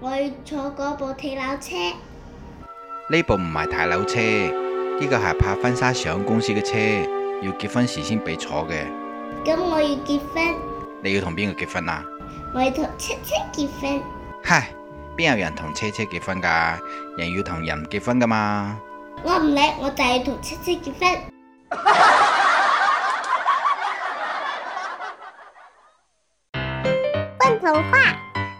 我要坐嗰部睇樓車，呢部唔係睇樓車，呢、呢個係拍婚紗相公司嘅車，要結婚時先俾坐嘅。咁我要結婚，你要同邊個結婚啊？我要同車車結婚。唉，邊有人同車車結婚噶？人要同人結婚噶嘛？我唔理，我就要同車車結婚。混童話。